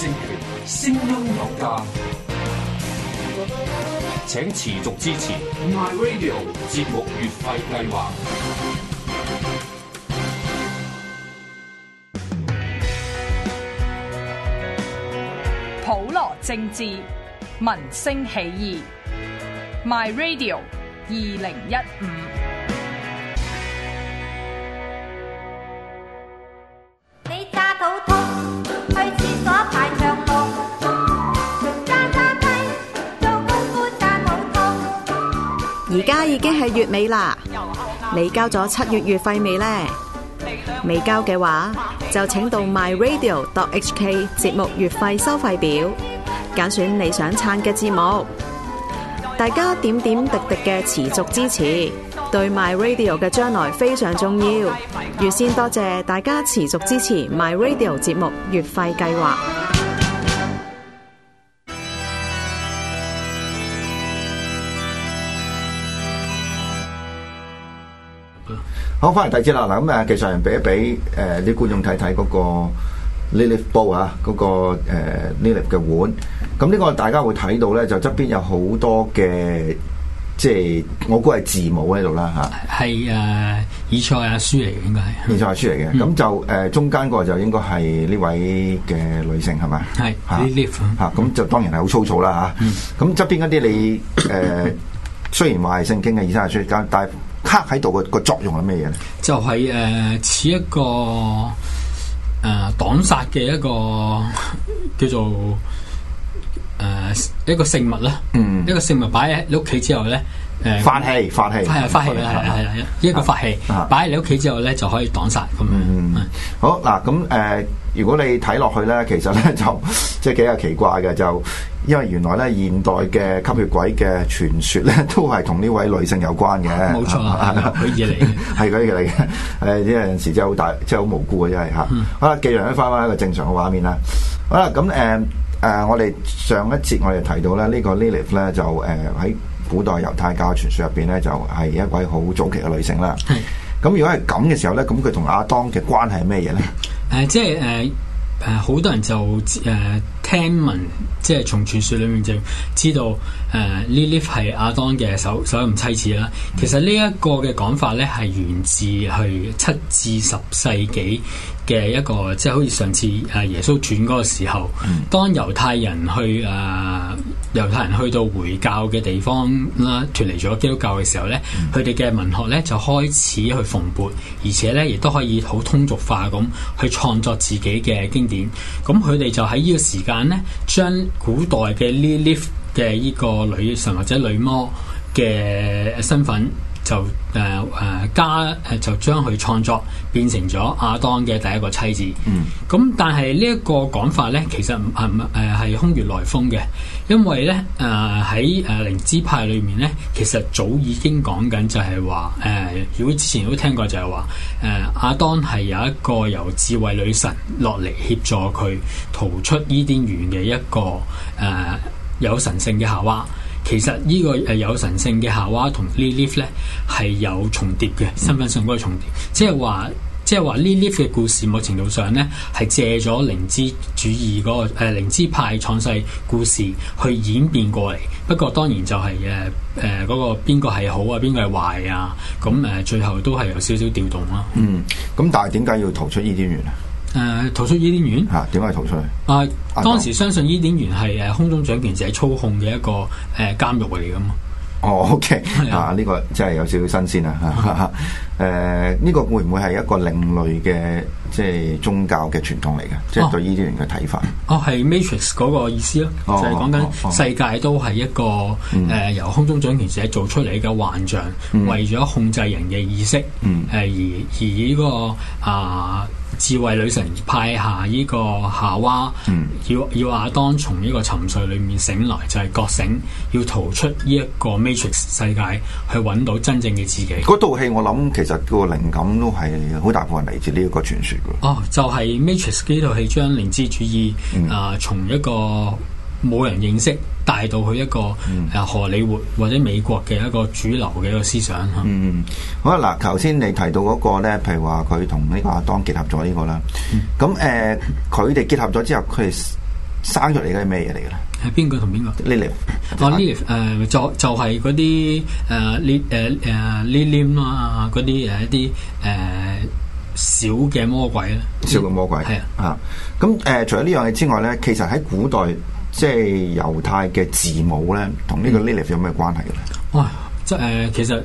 政聲音有價，請持續支持 My Radio 節目月費計劃。普羅政治，民聲起義。My Radio 二零一五。而家已經係月尾啦，你交咗七月月費未呢？未交嘅話，就請到 myradio.hk 節目月費收費表，揀選你想撐嘅節目。大家點點滴滴嘅持續支持，對 myradio 嘅將來非常重要。預先多謝大家持續支持 myradio 節目月費計劃。好，翻嚟第二節啦。嗱，咁誒，技術人俾一俾誒啲觀眾睇睇嗰個 Lilith bowl 啊，嗰個誒 Lilith 嘅碗。咁呢個大家會睇到咧，就側邊有好多嘅，即係我估係字母喺度啦嚇。係啊，以賽亞書嚟嘅應該係以賽亞書嚟嘅。咁、嗯、就誒中間個就應該係呢位嘅女性係咪？係 Lilith。咁就當然係好粗糙啦嚇。咁側、嗯、邊嗰啲你誒，呃、 雖然話係聖經嘅以賽亞書。但係。黑喺度個個作用係咩嘢咧？就係、是、誒、似、呃、一個誒、呃、擋煞嘅一個叫做誒一個聖物啦。嗯、呃，一個聖物擺喺你屋企之後咧，誒法器法器，係啊係啊係啊，一個法器，擺喺你屋企之後咧就可以擋煞咁。好嗱，咁誒。如果你睇落去咧，其實咧就即係幾有奇怪嘅，就因為原來咧現代嘅吸血鬼嘅傳說咧，都係同呢位女性有關嘅。冇、啊、錯，佢而嚟，係佢而嚟嘅。誒， 有陣時真係好大，真係好無辜嘅，真係嚇。好啦，既然翻翻一個正常嘅畫面啦。好啦，咁誒誒，uh, uh, 我哋上一節我哋提到咧，呢個 Lilith 咧就誒喺、uh, 古代猶太教傳説入邊咧，就係、是、一位好早期嘅女性啦。係。咁如果係咁嘅時候咧，咁佢同亞當嘅關係係咩嘢咧？誒、呃，即係誒誒，好、呃、多人就誒。呃聽聞即係從傳說裏面就知道，誒 Lilith 係亞當嘅首首任妻子啦。其實呢一個嘅講法咧，係源自去七至十世紀嘅一個即係好似上次誒耶穌傳嗰個時候，當猶太人去誒猶，呃，猶太人去到回教嘅地方啦，脱離咗基督教嘅時候咧，佢哋嘅文學咧就開始去蓬勃，而且咧亦都可以好通俗化咁去創作自己嘅經典。咁佢哋就喺呢個時間。咧，將古代嘅呢 Lilith 嘅依個女神或者女魔嘅身份。就誒誒、呃呃、加誒、呃、就將佢創作變成咗阿當嘅第一個妻子。Mm. 嗯，咁但係呢一個講法咧，其實係誒係空穴來風嘅，因為咧誒喺誒靈知派裏面咧，其實早已經講緊就係話誒，如、呃、果之前都聽過就係話誒阿當係有一個由智慧女神落嚟協助佢逃出伊甸園嘅一個誒、呃、有神性嘅夏娃。其實呢個係有神聖嘅夏娃同 Lilith 咧，係有重疊嘅，身份上嗰個重疊，即係話即係話 Lilith 嘅故事，某程度上咧，係借咗靈知主義嗰、那個誒靈知派創世故事去演變過嚟。不過當然就係誒誒嗰個邊個係好啊，邊個係壞啊，咁、啊、誒最後都係有少少調動啦、啊。嗯，咁但係點解要逃出呢啲園啊？.誒，逃出伊甸園啊？點解逃出去？啊，當時相信伊甸園係誒空中掌權者操控嘅一個誒監獄嚟噶嘛？哦，OK，的啊，呢、這個真係有少少新鮮啊！誒、 啊，呢、這個會唔會係一個另類嘅即係宗教嘅傳統嚟嘅？即、就、係、是、對伊甸園嘅睇法哦？哦，係 Matrix 嗰個意思咯，就係講緊世界都係一個誒、嗯呃、由空中掌權者做出嚟嘅幻象，為咗控制人嘅意識，誒、嗯、而而，而、這個啊。啊。智慧女神派下呢個夏娃，嗯、要要亞當從呢個沉睡裏面醒來，就係、是、覺醒，要逃出呢一個 Matrix 世界，去搵到真正嘅自己。嗰套戲我諗其實個靈感都係好大部分嚟自呢一個傳說噶。哦，就係、是、Matrix 呢套戲將靈知主義啊從、嗯呃、一個。冇人認識，帶到去一個啊荷里活或者美國嘅一個主流嘅一個思想嚇。嗯，好啊！嗱，頭先你提到嗰個咧，譬如話佢同呢個阿當結合咗呢個啦。咁誒，佢哋結合咗之後，佢哋生出嚟嘅係咩嘢嚟嘅咧？係邊個同邊個？Lilith，Lilith 誒，就就係嗰啲誒 L 誒誒 Lilim 啊，嗰啲誒一啲誒小嘅魔鬼咧。小嘅魔鬼係啊，啊咁誒，除咗呢樣嘢之外咧，其實喺古代。即係猶太嘅字母咧，同呢個 Lilith 有咩關係咧？哇、嗯！即係誒、呃，其實誒、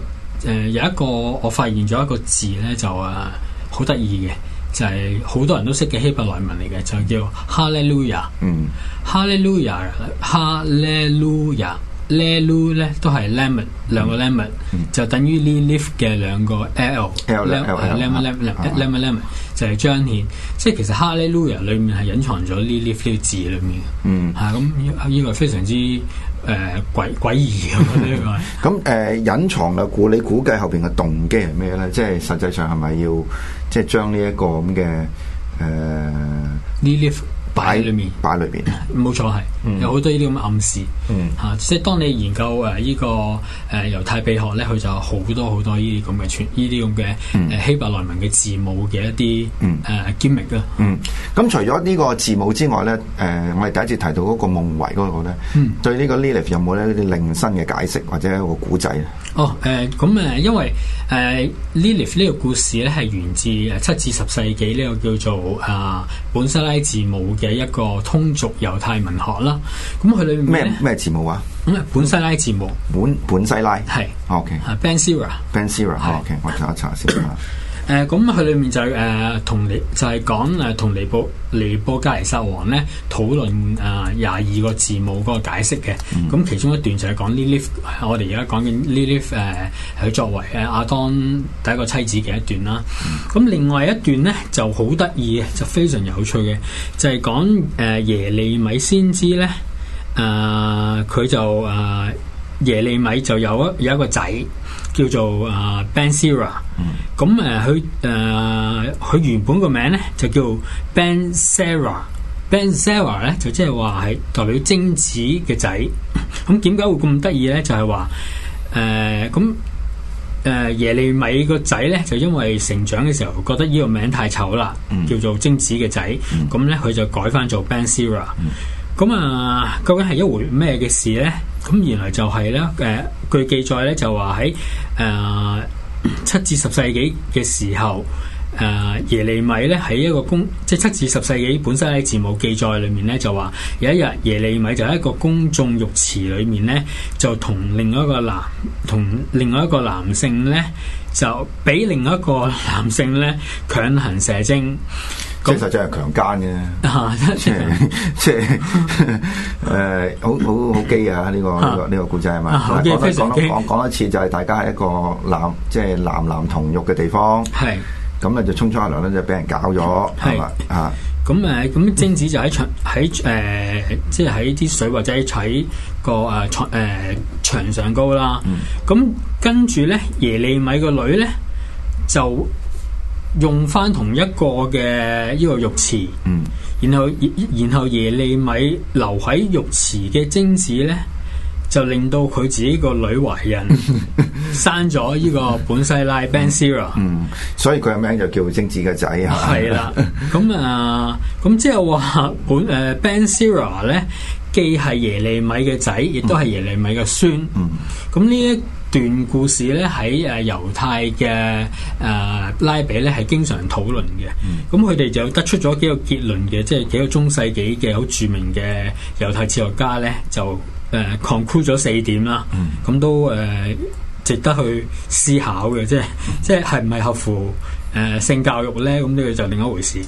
呃、有一個我發現咗一個字咧，就啊好得意嘅，就係、是、好多人都識嘅希伯來文嚟嘅，就叫 Hallelujah。嗯，Hallelujah，Hallelujah 咧擼咧都係 lemon 兩個 lemon 就等於 Lilith 嘅兩個 L，係 lemon lemon，一 lemon lemon 就係彰顯，即係其實哈利路亞裏面係隱藏咗 Lilith 呢個字裏面，吓咁呢個非常之誒詭詭異咁樣，咁誒隱藏嘅估你估計後邊嘅動機係咩咧？即係實際上係咪要即係將呢一個咁嘅誒 Lilith 擺喺裏面錯，擺喺裏面冇錯，係有好多呢啲咁嘅暗示，嚇、嗯啊！即係當你研究誒呢個誒猶太秘學咧，佢就有好多好多呢啲咁嘅傳，呢啲咁嘅誒希伯來文嘅字母嘅一啲誒 gematria 嗯，咁、嗯、除咗呢個字母之外咧，誒、呃、我哋第一次提到嗰個夢遺嗰、那個咧，嗯、對呢個 Lilith 有冇呢啲另新嘅解釋或者一個古仔咧？哦、啊，誒咁誒，因為誒 Lilith 呢個故事咧係源自誒七至十世紀呢、這個叫做誒本塞拉字母嘅。嘅一個通俗猶太文學啦，咁佢裏面咩咩字母啊？咁啊，本西拉字母，本本西拉係 OK，Ben Sira，Ben Sira，OK，好，我查一查先啊。 誒，咁佢、呃、裏面就誒、是、同、呃就是、尼就係講誒同尼布尼布加尼撒王咧討論誒廿二個字母嗰個解釋嘅，咁、嗯、其中一段就係講 Lilith，我哋而家講緊 Lilith 誒，佢、呃、作為誒亞當第一個妻子嘅一段啦。咁、啊、另外一段咧就好得意就非常有趣嘅，就係講誒耶利米先知咧，誒、呃、佢就誒、呃、耶利米就有啊有一個仔。叫做啊 Ben Sarah，咁誒佢誒佢原本個名咧就叫 Ben Sarah Ben Sarah 咧就即係話係代表精子嘅仔。咁點解會咁得意咧？就係話誒咁誒耶利米個仔咧，就因為成長嘅時候覺得呢個名太醜啦，嗯、叫做精子嘅仔，咁咧佢就改翻做 Ben Sarah。咁啊、呃，究竟係一回咩嘅事咧？咁原來就係、是、咧，誒、呃、據記載咧，就話喺誒七至十世紀嘅時候，誒、呃、耶利米咧喺一個公，即七至十世紀本身喺字母記載裏面咧，就話有一日耶利米就喺一個公眾浴池裏面咧，就同另外一個男同另外一個男性咧，就俾另外一個男性咧強行射精。即係真係強姦嘅，即係誒，好好好基啊！呢個呢個呢個故仔係嘛？講得講講一次就係大家係一個男，即係男男同浴嘅地方。係咁咧就沖沖下涼咧就俾人搞咗，係嘛吓？咁誒，咁精子就喺牆喺誒，即係喺啲水或者喺個誒誒牆上高啦。咁跟住咧，耶利米個女咧就。用翻同一個嘅呢個浴池，嗯，然後然後耶利米留喺浴池嘅精子咧，就令到佢自己個女懷孕， 生咗呢個本西拉 Ben Sirah，嗯，所以佢嘅名就叫精子嘅仔啊，係啦 咁啊，咁即係話本誒、呃、Ben Sirah 咧，既係耶利米嘅仔，亦都係耶利米嘅孫、嗯，嗯，咁呢一。段故事咧喺誒猶太嘅誒、呃、拉比咧係經常討論嘅，咁佢哋就得出咗幾個結論嘅，即係幾個中世紀嘅好著名嘅猶太哲學家咧就誒、呃、conclude 咗四點啦，咁、嗯、都誒、呃、值得去思考嘅，即係即係係唔係合乎誒、呃、性教育咧？咁呢個就另一回事。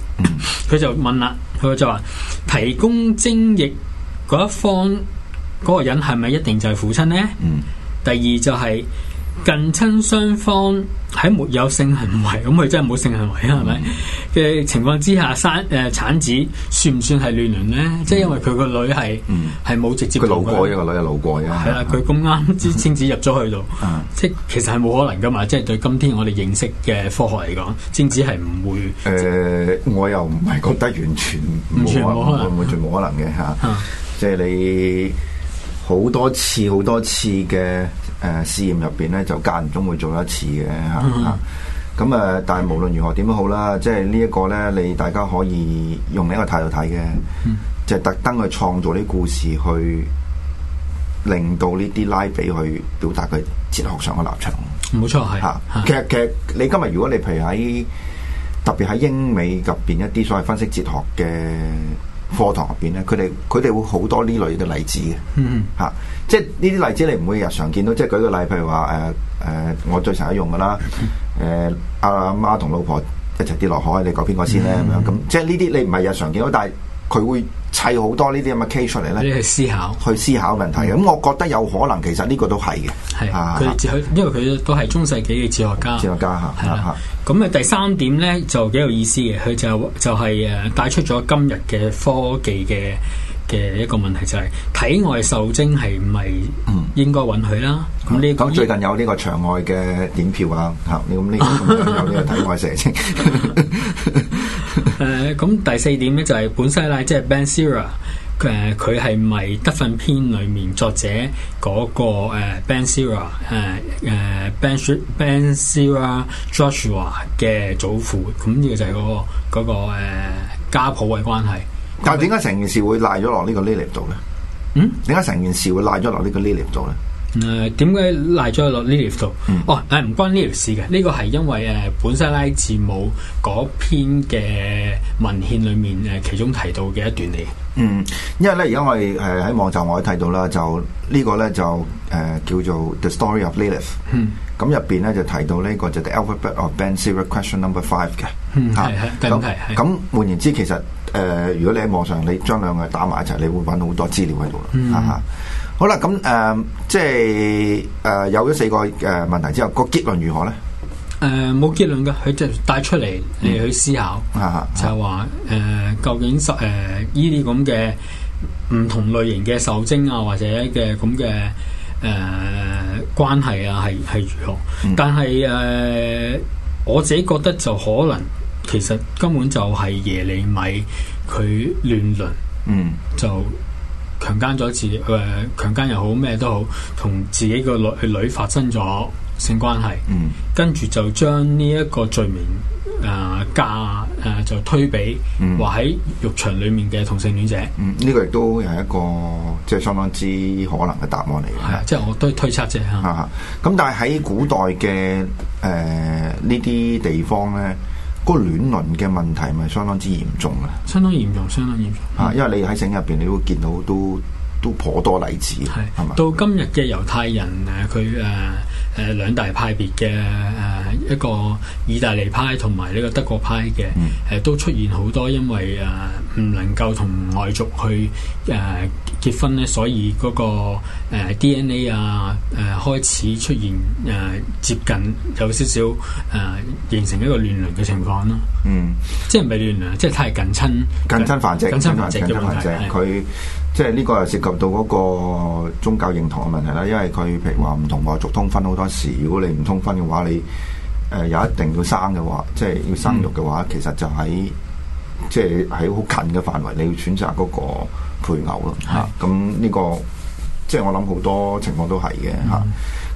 佢、嗯、就問啦，佢就話提供精液嗰一方嗰、嗰個人係咪一定就係父親咧？嗯第二就係近親雙方喺沒有性行為，咁佢真係冇性行為啊？係咪嘅情況之下，生誒、呃、產子算唔算係亂倫咧？即係因為佢個女係係冇直接，佢路過嘅個女係路過嘅，係啦。佢咁啱啲精子入咗去度，即係其實係冇可能㗎嘛。即係對今天我哋認識嘅科學嚟講，精子係唔會誒、呃，我又唔係覺得完全唔可能，完全冇可能嘅吓、嗯。即係你。嗯好多次好多次嘅誒、呃、試驗入邊咧，就間唔中會做一次嘅嚇。咁、mm hmm. 啊，但係無論如何點都好啦，即係呢一個咧，你大家可以用另一個態度睇嘅，mm hmm. 就係特登去創造啲故事，去令到呢啲拉比去表達佢哲學上嘅立場。冇錯係嚇。其實其實你今日如果你譬如喺特別喺英美入邊一啲所謂分析哲學嘅課堂入邊咧，佢哋佢哋會好多呢類嘅例子嘅，嚇、嗯啊，即係呢啲例子你唔會日常見到，即係舉個例，譬如話誒誒，我最常使用㗎啦，誒、呃、阿、啊、阿媽同老婆一齊跌落海，你講邊個先咧咁樣咁，即係呢啲你唔係日常見到，但係。佢會砌好多呢啲咁嘅 case 出嚟咧，你去思考，去思考問題。咁我覺得有可能，其實呢個都係嘅。係，佢因為佢都係中世紀嘅哲學家。哲學家嚇，係咁啊，第三點咧就幾有意思嘅，佢就就係誒帶出咗今日嘅科技嘅嘅一個問題，就係體外受精係唔係應該允許啦？咁呢？咁最近有呢個場外嘅影票啊？嚇，咁呢？有呢個體外射精。咁第四點咧就係本西拉，即係 Ben Sira，誒佢係咪德訓篇裏面作者嗰、那個 Ben Sira 誒誒 Ben Ben Sira、呃、Joshua 嘅祖父？咁呢個就係嗰、那個嗰、那個呃、家譜嘅關係。但係點解成件事會賴咗落呢個 Lilith 度咧？嗯，點解成件事會賴咗落呢個 Lilith 度咧？誒，點解賴咗落呢 Lilith 度？嗯、哦，誒，唔關呢條事嘅，呢個係因為誒本身拉丁字母嗰篇嘅文獻裏面誒其中提到嘅一段嚟。嗯，因為咧而家我哋誒喺網站我睇到啦，就呢個咧就誒叫做 The Story of Lilith。咁入邊咧就提到呢個就 The Alphabet of Ben Sira Question Number Five 嘅。嗯，係咁換言之，其實誒、呃、如果你喺網上你將兩個打埋一齊，你會揾到好多資料喺度啦。嗯。嗯嗯好啦，咁誒、呃，即係誒、呃，有咗四個誒問題之後，個、呃、結論如何咧？誒、呃，冇結論噶，佢就帶出嚟你、嗯、去思考，哈哈就係話誒，究竟誒呢啲咁嘅唔同類型嘅受精啊，或者嘅咁嘅誒關係啊，係係如何？嗯、但係誒、呃，我自己覺得就可能其實根本就係耶利米佢亂倫，亂嗯，就。強姦咗自己，誒強姦又好咩都好，同自己個女，女發生咗性關係，嗯、跟住就將呢一個罪名啊、呃、嫁誒、呃、就推俾話喺浴場裏面嘅同性戀者，呢、嗯這個亦都係一個即係、就是、相當之可能嘅答案嚟嘅。係、啊，即係、啊、我都推測啫。咁、啊啊、但係喺古代嘅誒呢啲地方咧。嗰個亂倫嘅問題咪相當之嚴重嘅，相當嚴重，相當嚴重。啊，因為你喺城入邊，你會見到好多。都頗多例子嘅，係嘛是？吧到今日嘅猶太人，誒佢誒誒兩大派別嘅誒一個意大利派同埋呢個德國派嘅，誒、嗯呃、都出現好多，因為誒唔、呃、能夠同外族去誒、呃、結婚咧，所以嗰、那個、呃、DNA 啊、呃、誒開始出現誒、呃、接近有少少誒、呃、形成一個亂倫嘅情況啦。嗯，即係唔係亂倫？即係太近親，近親繁殖，近親繁殖嘅問題。佢她 她 即係呢個係涉及到嗰個宗教認同嘅問題啦，因為佢譬如話唔同外族通婚好多時，如果你唔通婚嘅話，你誒有一定要生嘅話，即係要生育嘅話，嗯、其實就喺即係喺好近嘅範圍，你要選擇嗰個配偶咯。係是，咁呢、啊這個即係我諗好多情況都係嘅嚇。咁、啊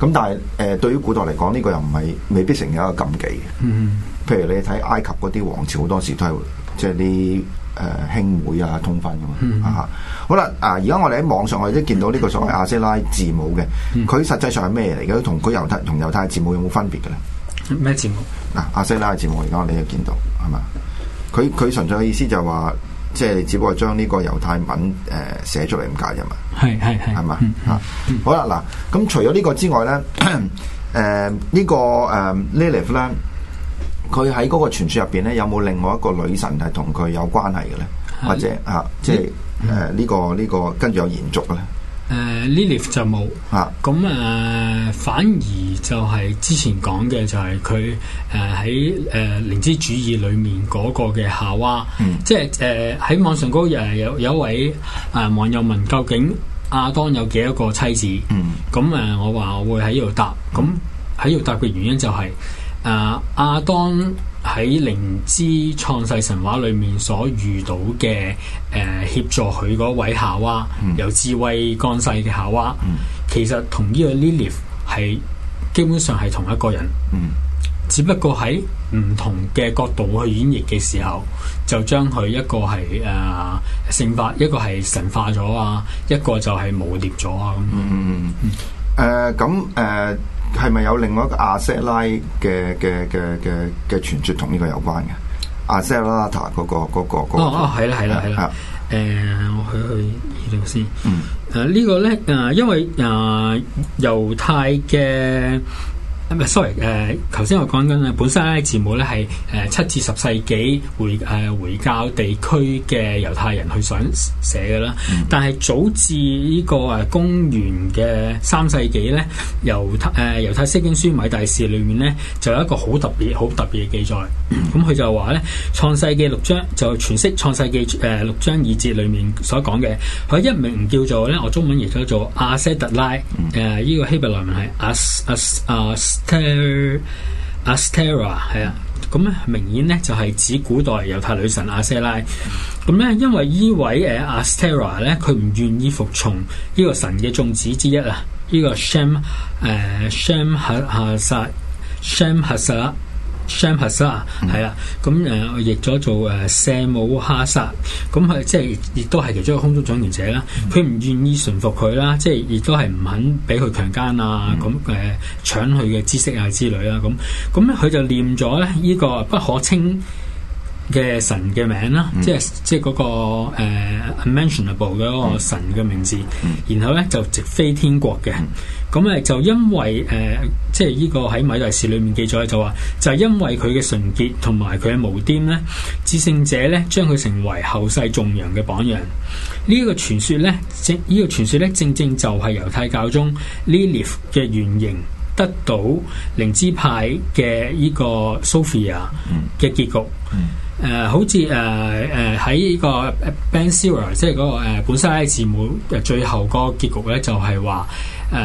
嗯、但係誒、呃，對於古代嚟講，呢、這個又唔係未必成有一個禁忌嘅。譬、嗯、如你睇埃及嗰啲王朝好多時都係即係啲誒兄妹啊通婚㗎嘛。嗯、啊。啊啊啊啊好啦，啊！而家我哋喺網上，我哋都見到呢個所謂亞西拉字母嘅，佢、嗯、實際上係咩嚟嘅？同佢猶太同猶太字母有冇分別嘅咧？咩字母？嗱、啊，亞西拉字母，而家我哋又見到係嘛？佢佢純粹嘅意思就話，即係只不過將呢個猶太文誒寫、呃、出嚟咁解，啫嘛？係係係，係嘛、啊？嗯，好啦，嗱，咁除咗呢個之外咧，誒，呃這個呃、利利夫呢個誒，Lilith 咧，佢喺嗰個傳說入邊咧，有冇另外一個女神係同佢有關係嘅咧？或者啊，即係。嗯嗯嗯誒，呢、這個呢、這個跟住有延續嘅咧。誒 Lilith 就冇啊。咁誒，uh, 反而就係之前講嘅就係佢誒喺誒靈知主義裏面嗰個嘅夏娃。即係誒喺網上高誒有有,有位啊、uh, 網友問究竟亞當有幾多個妻子？嗯。咁啊，uh, 我話我會喺度答。咁喺度答嘅原因就係啊亞當。喺《靈知創世神話》裏面所遇到嘅誒、呃、協助佢嗰位夏娃，由、嗯、智慧降世嘅夏娃，嗯、其實同呢個 Lilith 基本上係同一個人，嗯，只不過喺唔同嘅角度去演繹嘅時候，就將佢一個係誒聖化，一個係神化咗啊，一個就係磨滅咗啊咁，嗯嗯咁誒。嗯 uh, 係咪有另外一個阿瑟拉嘅嘅嘅嘅嘅傳説同呢個有關嘅？阿瑟拉塔嗰個嗰個,嗰個,嗰個,嗰個哦哦係啦係啦係啦誒，我去去呢度先。誒、嗯啊呢個、呢個咧誒，因為誒、啊、猶太嘅。Sorry 誒、呃，頭先我講緊咧，本身咧字母咧係誒七至十世紀回誒、呃、回教地區嘅猶太人去想寫嘅啦。但係早至呢個誒公元嘅三世紀咧，猶太誒、呃、猶太釋經書米大士裏面咧，就有一個好特別、好特別嘅記載。咁、嗯、佢、嗯、就話咧，《創世記》六章就詮釋《創世記》誒、呃、六章二節裏面所講嘅，佢一名叫做咧，我中文譯咗做阿西特拉，誒、呃、呢、這個希伯來文係 as a 阿，阿斯特拉係啊，咁咧明顯咧就係指古代猶太女神阿瑟拉。咁咧因為呢位誒阿斯特拉咧，佢唔願意服從呢個神嘅眾子之一啊。呢、這個 sham 誒 sham 哈哈薩 sham 哈薩。呃 Shamha 沙係啦，咁、嗯、誒、嗯嗯、我譯咗做誒舍、啊、姆哈沙，咁佢即係亦都係其中一個空中掌權者啦。佢、啊、唔、嗯、願意順服佢啦，即係亦都係唔肯俾佢強奸啊，咁、啊、誒搶佢嘅知識啊之類啦。咁咁佢就念咗咧呢個不可稱。嘅神嘅名啦，即係即係嗰個誒 unmentionable 嘅嗰個神嘅名字，然後咧就直飛天國嘅，咁咧、嗯、就因為誒即係呢個喺米大士裏面記載就話就係，是、因為佢嘅純潔同埋佢嘅無玷咧，至聖者咧將佢成為後世眾羊嘅榜樣。呢、這個傳說咧，正呢、這個傳說咧，正正就係猶太教中 Lilith 嘅原型，得到靈知派嘅呢個 Sophia 嘅結局、嗯。嗯嗯誒、呃、好似誒誒喺呢個《Ben、呃、Sir》即係嗰個本身啲字母，誒最後個結局咧就係話誒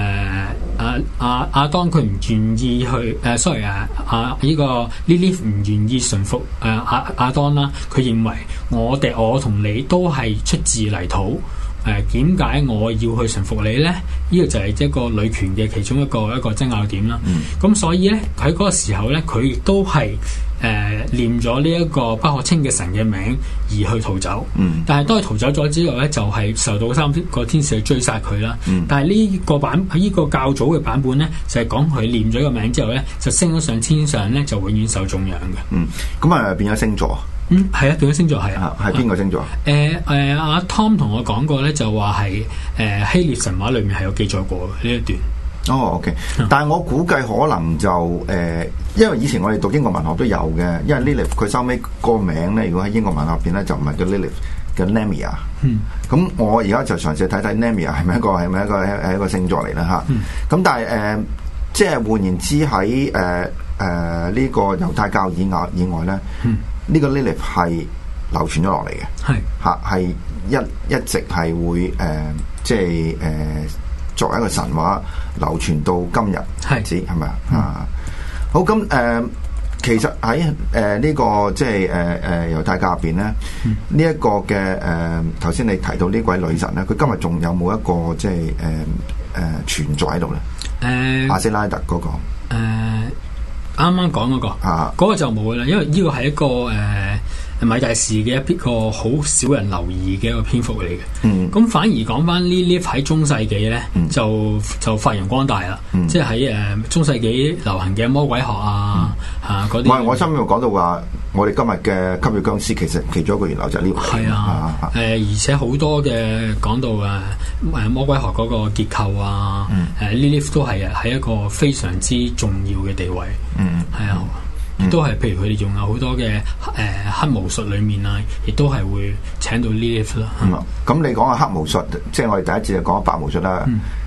阿阿阿當佢唔願意去誒、呃、sorry 啊，阿、這、依個 Lilith 唔願意順服誒、呃、阿阿當啦。佢認為我哋我同你都係出自泥土，誒點解我要去順服你咧？呢個就係一個女權嘅其中一個一個爭拗點啦。咁、嗯、所以咧喺嗰個時候咧，佢亦都係。誒、呃，念咗呢一個不可稱嘅神嘅名而去逃走，嗯、但係當佢逃走咗之後咧，就係、是、受到三個天使去追殺佢啦。嗯、但係呢個版喺呢、這個較早嘅版本咧，就係講佢念咗個名之後咧，就升咗上天上咧，就永遠受重養嘅。嗯，咁啊變咗星座，嗯係啊變咗星座係啊係邊個星座？誒誒，阿 Tom 同我講過咧，就話係誒希臘神話裏面係有記載過呢一段。哦、oh，，OK，但係我估計可能就誒。因為以前我哋讀英國文學都有嘅，因為 Lilith 佢收尾個名咧，如果喺英國文學邊咧，就唔係叫 Lilith 叫 Namia 咁、嗯嗯、我而家就嘗試睇睇 Namia 係咪一個係咪一個係一,一,一,一,一個星座嚟啦嚇。咁、嗯、但係誒、呃，即係換言之喺誒誒呢個猶太教以外以外咧，呢、這個 Lilith 係流傳咗落嚟嘅。係、嗯。嚇係一一直係會誒、呃，即係誒、呃、作為一個神話流傳到今日。係。之係咪啊？是好咁誒、呃，其實喺誒呢個即係誒誒猶太教入邊咧，呢、呃、一、這個嘅誒頭先你提到呢位女神咧，佢今日仲有冇一個即係誒誒存在喺度咧？誒亞瑟拉特嗰、那個啱啱講嗰個啊，嗰個就冇啦，因為呢個係一個誒。呃係米大士嘅一編個好少人留意嘅一個篇幅嚟嘅，咁、嗯、反而講翻 Lilith 喺中世紀咧、嗯，就就發揚光大啦，嗯、即係喺誒中世紀流行嘅魔鬼學啊吓啲。唔係、嗯啊，我收尾又講到話，我哋今日嘅吸血僵屍其實其中一個源流就係呢個係啊，誒、啊，啊、而且好多嘅講到誒誒魔鬼學嗰個結構啊，誒 Lilith 都係喺一個非常之重要嘅地位，嗯，係啊、嗯。嗯亦都係，譬如佢哋仲有好多嘅，誒、呃、黑巫術裏面啊，亦都係會請到 Lilith 啦、嗯。嗯咁你講下黑巫術，即係我哋第一次就講白巫術啦。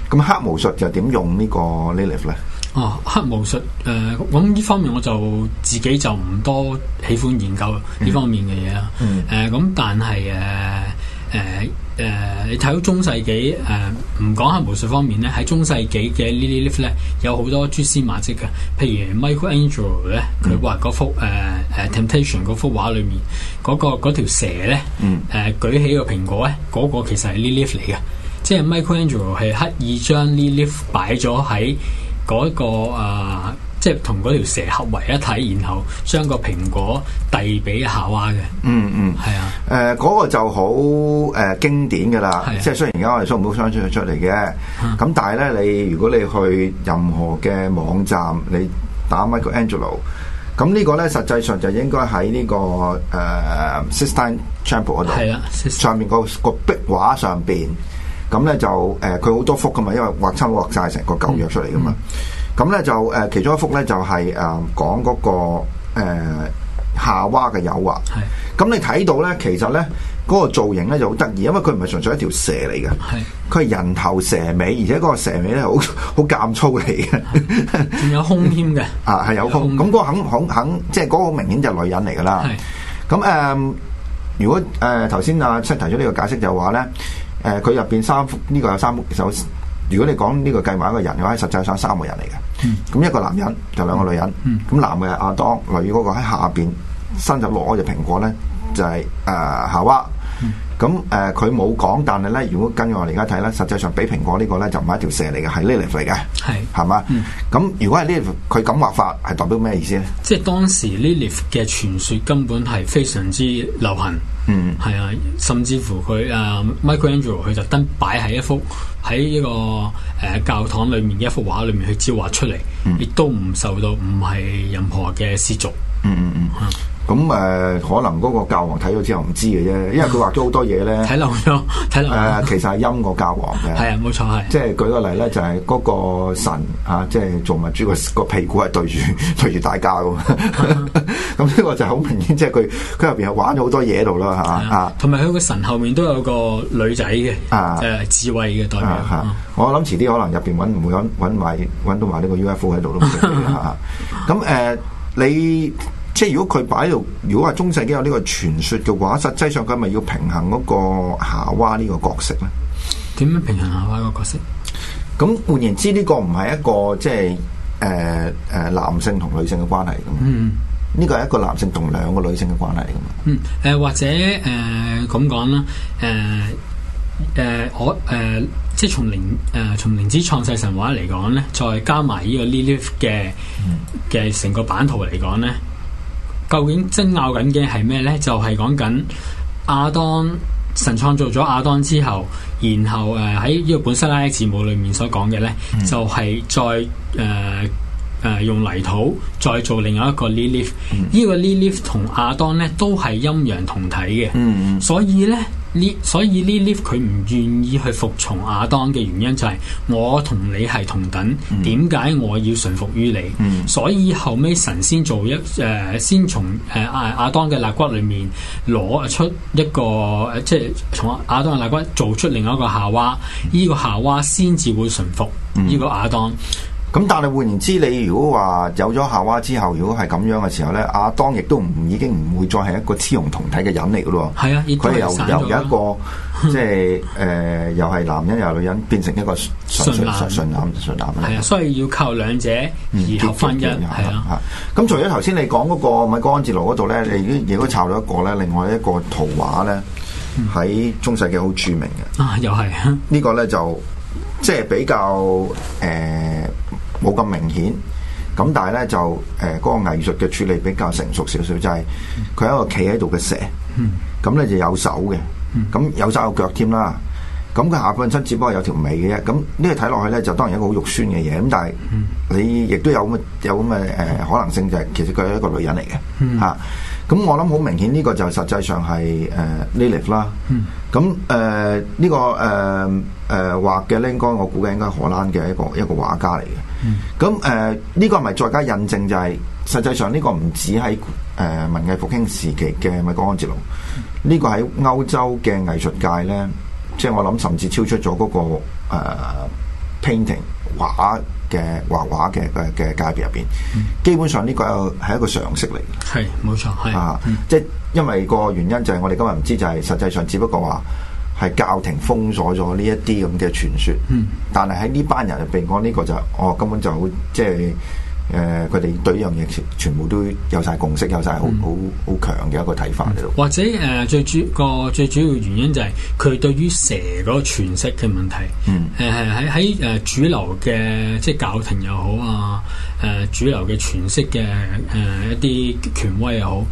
咁黑巫術就點用呢個 Lilith 咧？哦，黑巫術，誒，咁呢方面我就自己就唔多喜歡研究呢方面嘅嘢啦。誒、嗯，咁、嗯呃、但係誒。呃誒誒、呃，你睇到中世紀誒，唔、呃、講下武術方面咧，喺中世紀嘅呢啲 Lilith 咧，有好多蛛絲馬跡嘅。譬如 Michelangelo 咧，佢畫嗰幅誒誒、嗯呃、Temptation 嗰幅畫裏面，嗰、那個嗰條蛇咧，誒、嗯呃、舉起個蘋果咧，嗰、那個其實係 Lilith 嚟嘅，即係 Michelangelo 係刻意將 Lilith 擺咗喺嗰個啊。呃即係同嗰條蛇合為一體，然後將個蘋果遞俾夏娃嘅。嗯嗯，係啊。誒，嗰個就好誒經典噶啦。即係雖然而家我哋都唔好相信佢出嚟嘅。嗯。咁但係咧，你如果你去任何嘅網站，你打 Michael Angelo 咁呢個咧，實際上就應該喺呢、這個誒 Sistine Chapel 嗰度。係、呃、啊。斯斯上面，這個壁畫上邊，咁咧就誒，佢、呃、好多幅噶嘛，因為畫親畫晒成個舊約出嚟噶嘛。嗯嗯嗯咁咧就誒其中一幅咧就係誒講嗰個誒夏娃嘅誘惑。係。咁你睇到咧，其實咧嗰個造型咧就好得意，因為佢唔係純粹一條蛇嚟嘅。係。佢係人頭蛇尾，而且嗰個蛇尾咧好好間粗嚟嘅。仲有胸添嘅。 啊，係有胸。咁嗰個肯肯肯，即係嗰個明顯就女人嚟㗎啦。咁誒是的、嗯，如果誒頭先啊，Zeke 提咗呢個解釋就話咧，誒佢入邊三幅呢個有三幅就。其實如果你講呢個計埋一個人嘅話，實際上三個人嚟嘅。咁一個男人，就兩個女人。咁、嗯、男嘅阿當，女如嗰個喺下邊，伸手攞隻蘋果咧，就係、是、誒、呃、夏娃。嗯。咁誒，佢冇講，但係咧，如果跟住我哋而家睇咧，實際上俾蘋果呢、這個咧就唔係一條蛇嚟嘅，係 Lilith 嚟嘅，係係嘛？咁嗎、嗯、如果係 Lilith 佢噉畫法係代表咩意思咧？即係當時 Lilith 嘅傳說根本係非常之流行，嗯、嗯，係啊，甚至乎佢誒、啊、Michaelangelo 佢特登擺喺一幅喺一個誒、呃、教堂裡面嘅一幅畫裡面去招畫出嚟，亦、嗯、都唔受到唔係任何嘅世俗，嗯嗯嗯。嗯咁誒，可能嗰個教王睇咗之後唔知嘅啫，因為佢畫咗好多嘢咧。睇漏咗，睇落誒，其實係陰個教王嘅。係啊，冇錯係。即係舉個例咧，就係嗰個神啊，即係造物主個個屁股係對住對住大家咁。咁呢個就好明顯，即係佢佢入邊係玩咗好多嘢喺度啦，嚇啊！同埋佢個神後面都有個女仔嘅，誒智慧嘅代表。我諗遲啲可能入邊揾唔會揾揾埋揾到埋呢個 UFO 喺度咯。咁誒，你？即係如果佢擺喺度，如果話中世紀有呢個傳說嘅話，實際上佢係咪要平衡嗰個夏娃呢個角色咧？點樣平衡夏娃個角色？咁換言之，呢個唔係一個即係誒誒男性同女性嘅關係噶嘛？嗯，呢個係一個男性同兩個女性嘅關係噶嘛？嗯，誒、呃、或者誒咁講啦，誒誒我誒即係從靈誒從靈之創世神話嚟講咧，再加埋呢個 Lilith 嘅嘅成個版圖嚟講咧。究竟爭拗緊嘅係咩呢？就係講緊亞當神創造咗亞當之後，然後誒喺呢個本色拉字母裏面所講嘅呢，嗯、就係再誒誒、呃呃、用泥土再做另外一個 Lilith，呢、嗯、個 Lilith 同亞當呢，都係陰陽同體嘅，嗯嗯所以呢。呢所以呢 Lilith 佢唔願意去服從亞當嘅原因就係、是、我同你係同等，點解、嗯、我要順服於你？嗯、所以後尾神先做一誒、呃，先從誒亞、呃、亞當嘅肋骨裏面攞出一個，呃、即係從亞當嘅肋骨做出另外一個夏娃，呢、嗯、個夏娃先至會順服呢個亞當。嗯嗯咁但係換言之，你如果話有咗夏娃之後，如果係咁樣嘅時候咧，阿當亦都唔已經唔會再係一個雌雄同體嘅人嚟嘅咯。係啊，佢又由一個即係誒，又係男人又係女人，變成一個純純純男純男。係啊，所以要靠兩者結合婚姻係啊。咁除咗頭先你講嗰個米高安哲羅嗰度咧，你亦都抄咗一個咧，另外一個圖畫咧喺中世紀好著名嘅。啊，又係啊？呢個咧就即係比較誒。冇咁明顯，咁但係咧就誒嗰、呃那個藝術嘅處理比較成熟少少，就係、是、佢一個企喺度嘅蛇，咁咧、嗯、就有手嘅，咁有手有腳添啦，咁佢下半身只不過有條尾嘅啫，咁呢個睇落去咧就當然一個好肉酸嘅嘢，咁但係你亦都有咁嘅有咁嘅誒可能性，就係其實佢係一個女人嚟嘅嚇，咁、嗯啊、我諗好明顯呢個就實際上係誒 Lilith 啦，咁誒呢個誒。呃呃誒，畫嘅咧，應該我估計應該係荷蘭嘅一個一個畫家嚟嘅。咁誒、嗯，呢、呃這個咪再加印證就係、是，實際上呢個唔止喺誒文藝復興時期嘅米格安哲羅。嗯、個歐呢個喺歐洲嘅藝術界咧，即係我諗甚至超出咗嗰、那個誒、呃、painting 畫嘅畫畫嘅嘅嘅界別入邊。嗯、基本上呢個係一,一個常識嚟嘅。係，冇錯，係。啊、嗯，嗯、即係因為個原因就係我哋今日唔知就係、是，實際上只不過話。係教廷封鎖咗呢一啲咁嘅傳說，嗯、但係喺呢班人入面，譬如講呢個就是，哦，根本就即係誒佢哋對一樣嘢全部都有晒共識，有晒好好好強嘅一個睇法嚟咯。或者誒、呃，最主個最主要原因就係、是、佢對於蛇嗰個詮釋嘅問題，誒喺喺誒主流嘅即係教廷又好啊，誒、呃、主流嘅詮釋嘅誒一啲權威又好。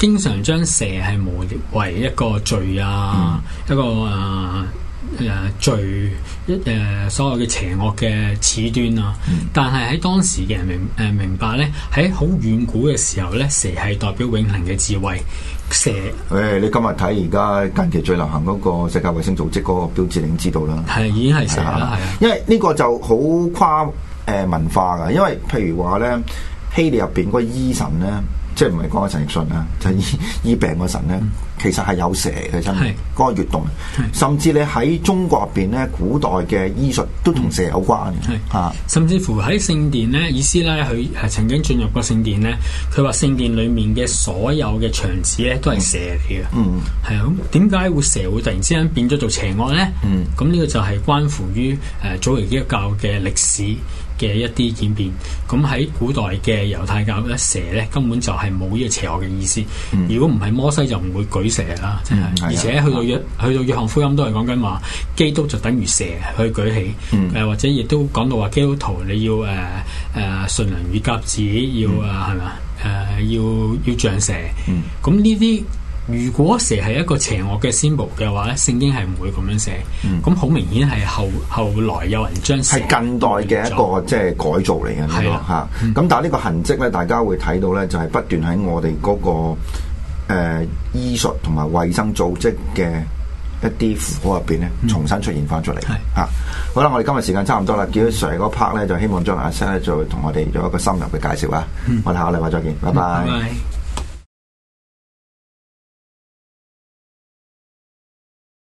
經常將蛇係無為一個罪啊，一個誒誒罪一誒所謂嘅邪惡嘅始端啊。但係喺當時嘅人明誒明白咧，喺好遠古嘅時候咧，蛇係代表永恆嘅智慧。蛇誒，你今日睇而家近期最流行嗰個世界衛生組織嗰個標誌，你知道啦。係已經係蛇啦，因為呢個就好跨誒文化㗎。因為譬如話咧，希臘入邊嗰個醫神咧，即係唔係講阿陳奕迅啊？就醫、是、醫病個神咧，嗯、其實係有蛇嘅真係。嗰是個月洞，是甚至你喺中國入邊咧，古代嘅醫術都同蛇有關嘅。係是啊，甚至乎喺聖殿咧，以斯拉佢係曾經進入過聖殿咧，佢話聖殿裡面嘅所有嘅牆紙咧都係蛇嚟嘅。嗯，係啊，咁點解會蛇會突然之間變咗做邪惡咧？嗯，咁呢個就係關乎於誒早期基督教嘅歷史。嘅一啲演變，咁喺古代嘅猶太教咧，蛇咧根本就係冇呢個邪惡嘅意思。如果唔係摩西就唔會舉蛇啦，即係。嗯嗯、而且去到約、嗯、去到約翰、er, er, 福音都係講緊話，基督就等於蛇去舉起，誒、嗯啊、或者亦都講到話基督徒你要誒誒順從與鴿子，要、嗯、啊係嘛誒要、啊、要像、啊、蛇，蛇，咁呢啲。如果蛇係一個邪惡嘅 symbol 嘅話咧，聖經係唔會咁樣寫。咁好、嗯、明顯係後後來有人將蛇係近代嘅一個即係改造嚟嘅咯吓。咁、啊嗯啊、但係呢個痕跡咧，大家會睇到咧，就係、是、不斷喺我哋嗰、那個誒、呃、醫術同埋衛生組織嘅一啲符號入邊咧，重新出現翻出嚟。吓、嗯，嗯啊、好啦，我哋今日時間差唔多啦。叫到、嗯、Sir 嗰 part 咧，就希望將阿 Sir 咧，就同我哋做一個深入嘅介紹啊。嗯、我哋下個禮拜再見，拜拜。拜拜。